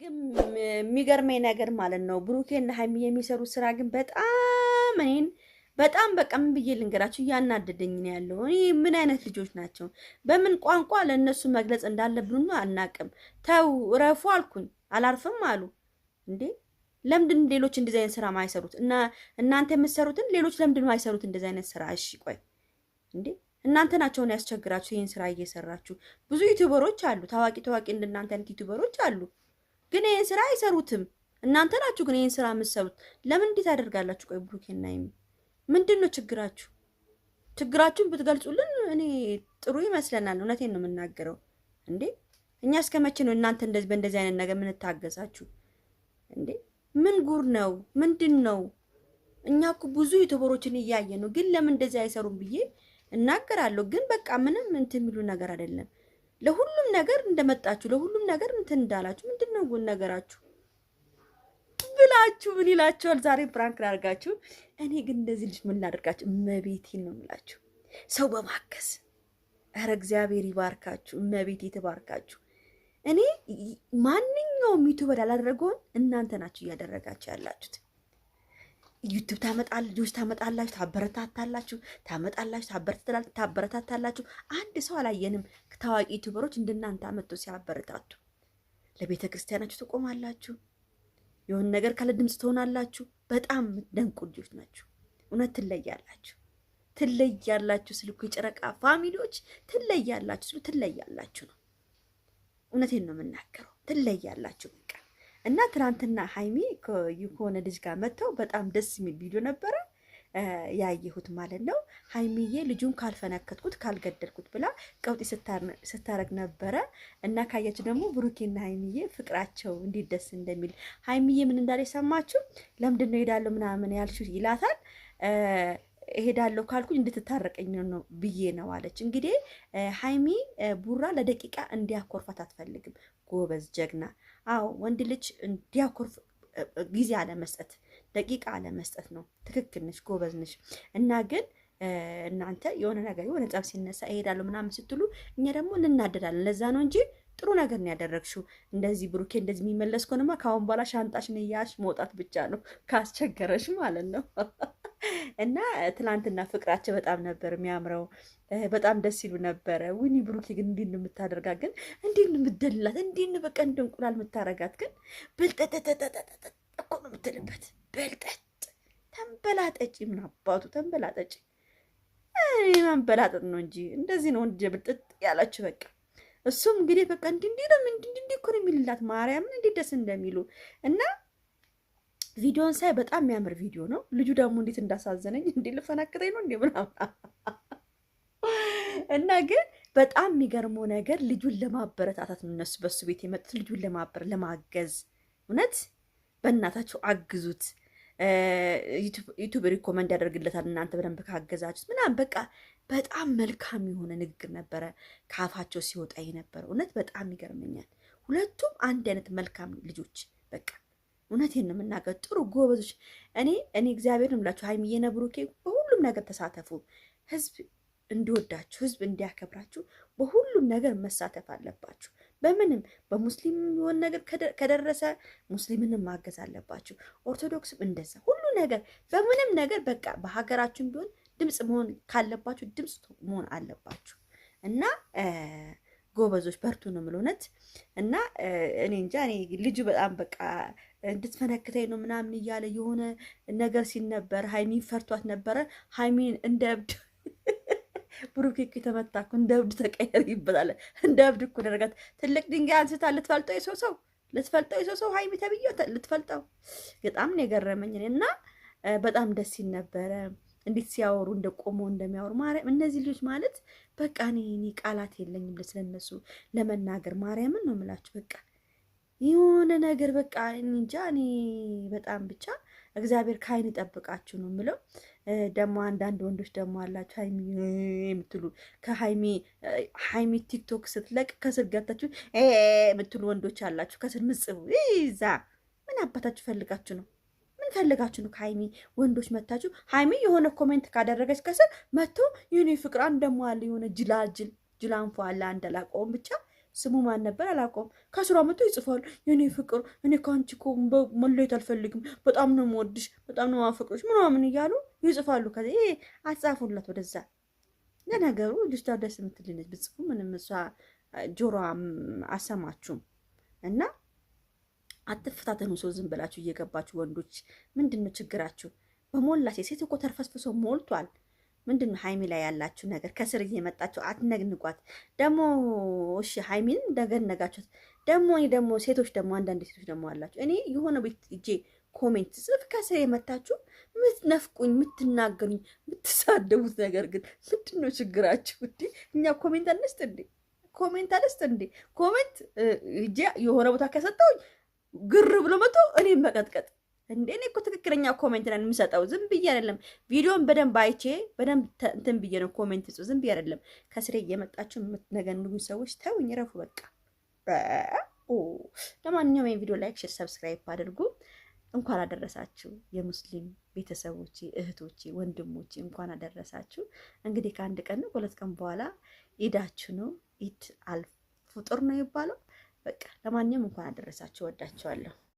ግን የሚገርመኝ ነገር ማለት ነው ብሩኬና ሀይሚ የሚሰሩት ስራ ግን በጣም እኔን በጣም በቃ ምን ብዬ ልንገራቸው እያናደደኝ ነው ያለው። እኔ ምን አይነት ልጆች ናቸው? በምን ቋንቋ ለእነሱ መግለጽ እንዳለብን አናቅም። ተው ረፉ አልኩኝ፣ አላርፍም አሉ። እንዴ ለምንድን ሌሎች እንደዚህ አይነት ስራ ማይሰሩት? እና እናንተ የምትሰሩትን ሌሎች ለምንድን ማይሰሩት እንደዚህ አይነት ስራ? እሺ ቆይ እንዴ እናንተ ናቸውን ያስቸግራችሁ? ይህን ስራ እየሰራችሁ ብዙ ዩቲዩበሮች አሉ፣ ታዋቂ ታዋቂ እንደናንተ አይነት ዩቲዩበሮች አሉ። ግን ይህን ስራ አይሰሩትም። እናንተ ናችሁ ግን ይህን ስራ የምትሰሩት። ለምን እንዴት ቀይ ቆይ ብሩኬና ይሚ ምንድን ነው ችግራችሁ? ችግራችሁን ብትገልጹልን እኔ ጥሩ ይመስለናል። እውነቴን ነው የምናገረው። እንዴ እኛ እስከ መቼ ነው እናንተ እንደዚህ በእንደዚህ አይነት ነገር ምንታገሳችሁ? እንዴ ምን ጉር ነው? ምንድን ነው? እኛ እኮ ብዙ ዩቱበሮችን እያየ ነው፣ ግን ለምን እንደዚህ አይሰሩም ብዬ እናገራለሁ። ግን በቃ ምንም እንትን የሚሉ ነገር አይደለም። ለሁሉም ነገር እንደመጣችሁ ለሁሉም ነገር እንትን እንዳላችሁ ምንድን ነው ነገራችሁ ብላችሁ ምን ይላችኋል? ዛሬ ፕራንክ ላድርጋችሁ። እኔ ግን እንደዚህ ልጅ ምን ላድርጋችሁ? እመቤቴን ነው የምላችሁ፣ ሰው በማከስ ኧረ እግዚአብሔር ይባርካችሁ፣ እመቤቴ ትባርካችሁ። እኔ ማንኛውም ዩቱበር ያላደረገውን እናንተ ናችሁ እያደረጋችሁ ያላችሁት። ዩቱብ ታመጣል ልጆች ታመጣላችሁ፣ ታበረታታላችሁ፣ ታመጣላችሁ፣ ታበረታታላችሁ። አንድ ሰው አላየንም። ታዋቂ ዩቱበሮች እንደናንተ አመጡ ሲያበረታቱ። ለቤተ ክርስቲያናችሁ ትቆማላችሁ። የሆን ነገር ካለ ድምፅ ትሆናላችሁ። በጣም ደንቁ ልጆች ናችሁ። እውነት ትለያላችሁ፣ ትለያላችሁ ስልኩ የጨረቃ ፋሚሊዎች ትለያላችሁ ስሉ ትለያላችሁ ነው። እውነቴን ነው የምናገረው። ትለያላችሁ እና ትናንትና ሀይሚ ከሆነ ልጅ ጋር መጥተው በጣም ደስ የሚል ቪዲዮ ነበረ ያየሁት ማለት ነው። ሀይሚዬ ልጁን ካልፈነከትኩት ካልገደልኩት ብላ ቀውጢ ስታረግ ነበረ እና ካያችሁ ደግሞ ብሩኬና ሀይሚዬ ፍቅራቸው እንዴት ደስ እንደሚል ሀይሚዬ ምን እንዳለ የሰማችሁ ለምንድን ነው ሄዳለሁ ምናምን ያልሽው ይላታል እሄዳለሁ ካልኩኝ እንድትታረቀኝ ነው ብዬ ነው አለች። እንግዲህ ሀይሚ ቡራ ለደቂቃ እንዲያኮርፋት አትፈልግም። ጎበዝ ጀግና። አዎ ወንድ ልጅ እንዲያኮርፍ ጊዜ አለመስጠት ደቂቃ አለመስጠት ነው። ትክክል ነች፣ ጎበዝ ነች። እና ግን እናንተ የሆነ ነገር የሆነ ጸብ ሲነሳ እሄዳለሁ ምናምን ስትሉ እኛ ደግሞ እንናደዳለን። ለዛ ነው እንጂ ጥሩ ነገር ነው ያደረግሽው። እንደዚህ ብሩኬ እንደዚህ የሚመለስ ከሆነማ ከአሁን በኋላ ሻንጣሽን እያሽ መውጣት ብቻ ነው፣ ካስቸገረሽ ማለት ነው። እና ትላንትና ፍቅራቸው በጣም ነበር የሚያምረው። በጣም ደስ ይሉ ነበረ። ዊኒ ብሩኬ ግን እንዲህ የምታደርጋት ግን እንዲህ የምትደልላት እንዲህ በቃ እንደ እንቁላል የምታረጋት ግን በልጠጠጠጠጠጠ እኮ ነው የምትልበት። በልጠጥ ተንበላጠጪ፣ ምን አባቱ ተንበላጠጪ። መንበላጠጥ ነው እንጂ እንደዚህ ነው ብልጥጥ ያላችሁ በቃ እሱም እንግዲህ በቃ እንዲህ እንዲህ ነው እንዲህ እኮ ነው የሚልላት ማርያምን ደስ እንደሚሉ እና ቪዲዮን ሳይ በጣም የሚያምር ቪዲዮ ነው። ልጁ ደግሞ እንዴት እንዳሳዘነኝ እንዴ ልፈናክተኝ ነው እንዴ ምናምን እና ግን በጣም የሚገርመው ነገር ልጁን ለማበረታታት ነው እነሱ በእሱ ቤት የመጡት ልጁን ለማበር ለማገዝ። እውነት በእናታቸው አግዙት። ዩቱብ ሪኮመንድ ያደርግለታል እናንተ በደንብ ካገዛችሁት ምናምን። በቃ በጣም መልካም የሆነ ንግግር ነበረ ከአፋቸው ሲወጣ የነበረ እውነት በጣም ይገርመኛል። ሁለቱም አንድ አይነት መልካም ልጆች በቃ እውነቴን ነው የምናገር። ጥሩ ጎበዞች። እኔ እኔ እግዚአብሔር እምላችሁ ሀይሚዬና ብሩኬ በሁሉም ነገር ተሳተፉ። ህዝብ እንዲወዳችሁ፣ ህዝብ እንዲያከብራችሁ በሁሉም ነገር መሳተፍ አለባችሁ። በምንም በሙስሊም የሚሆን ነገር ከደረሰ ሙስሊምንም ማገዝ አለባችሁ። ኦርቶዶክስም እንደዛ ሁሉ ነገር በምንም ነገር በቃ በሀገራችን ቢሆን ድምፅ መሆን ካለባችሁ ድምፅ መሆን አለባችሁ እና ጎበዞች በርቱ ነው እውነት እና እኔ እንጃ እኔ ልጁ በጣም በቃ እንድትፈነክተኝ ነው ምናምን እያለ የሆነ ነገር ሲል ነበር። ሀይሚን ፈርቷት ነበረ። ሀይሚን እንደ እብድ ብሩኬ እኮ የተመታኩ እንደ እብድ ተቀየር ይበታለ እንደ እብድ እኮ ደረጋት። ትልቅ ድንጋይ አንስታ ልትፈልጠው የሰው ሰው ልትፈልጠው የሰው ሰው ሀይሚ ተብዬው ልትፈልጠው። በጣም ነው የገረመኝ እና በጣም ደስ ሲል ነበረ እንዴት ሲያወሩ እንደ ቆሞ እንደሚያወሩ ማርያም፣ እነዚህ ልጆች ማለት በቃ እኔ ቃላት የለኝም ስለነሱ ለመናገር ማርያምን ነው የምላችሁ በቃ የሆነ ነገር በቃ እንጃ። እኔ በጣም ብቻ እግዚአብሔር ከአይን ይጠብቃችሁ ነው የምለው። ደግሞ አንዳንድ ወንዶች ደግሞ አላችሁ ሀይሚ የምትሉ ከሀይሚ ሀይሚ ቲክቶክ ስትለቅ ከስር ገብታችሁ የምትሉ ወንዶች አላችሁ። ከስር ምጽቡ ይዛ ምን አባታችሁ ፈልጋችሁ ነው? ምን ፈልጋችሁ ነው? ከሀይሚ ወንዶች መታችሁ። ሀይሚ የሆነ ኮሜንት ካደረገች ከስር መጥቶ ይህኔ ፍቅር አንድ ደግሞ አለ የሆነ ጅላጅል ጅላንፎ አለ አንደላቆም ብቻ ስሙ ማን ነበር አላውቀውም። ከስራ መጥቶ ይጽፋል። የኔ ፍቅር እኔ ከአንቺ እኮ መለየት አልፈልግም፣ በጣም ነው የምወድሽ፣ በጣም ነው የማፈቅርሽ ምናምን እያሉ ይጽፋሉ። ከዚ አጻፉላት ወደዛ። ለነገሩ ልጅቷ ደስ ነች፣ ብጽፉ ምንም እሷ ጆሮ አሰማችሁም። እና አትፈታተኑ ሰው ዝም ብላችሁ እየገባችሁ ወንዶች፣ ምንድን ነው ችግራችሁ? በሞላ ሴት እኮ ተርፈስፍሶ ሞልቷል። ምንድን ነው ሀይሚ ላይ ያላችሁ ነገር? ከስር እየመጣችሁ አትነግንጓት። ደግሞ እሺ ሀይሚን እንደገነጋችሁት ደግሞ እኔ ደግሞ ሴቶች ደግሞ አንዳንድ ሴቶች ደግሞ አላችሁ። እኔ የሆነ ቤት እጄ ኮሜንት ጽፍ ከስር የመታችሁ ምትነፍቁኝ፣ ምትናገሩኝ፣ ምትሳደቡት ነገር ግን ምንድን ነው ችግራችሁ? እንዲ እኛ ኮሜንት አንስጥ እንዴ ኮሜንት አንስጥ እንዴ ኮሜንት እጄ የሆነ ቦታ ከሰጠውኝ ግር ብሎ መቶ እኔም መቀጥቀጥ እንዴ እኔ እኮ ትክክለኛ ኮሜንት ነን የምሰጠው። ዝም ብዬ አይደለም ቪዲዮን በደንብ አይቼ በደንብ እንትን ብዬ ነው ኮሜንት ጽ ዝም ብዬ አይደለም። ከስሬ እየመጣችሁ የምትነገንጉኝ ሰዎች ተውኝ፣ ረፉ በቃ። ለማንኛውም ቪዲዮ ላይክ፣ ሼር፣ ሰብስክራይብ አድርጉ። እንኳን አደረሳችሁ የሙስሊም ቤተሰቦች እህቶች ወንድሞች እንኳን አደረሳችሁ። እንግዲህ ከአንድ ቀን ነው ከሁለት ቀን በኋላ ኢዳችሁ ነው። ኢድ አልፉጥር ነው ይባለው። በቃ ለማንኛውም እንኳን አደረሳችሁ። ወዳችኋለሁ።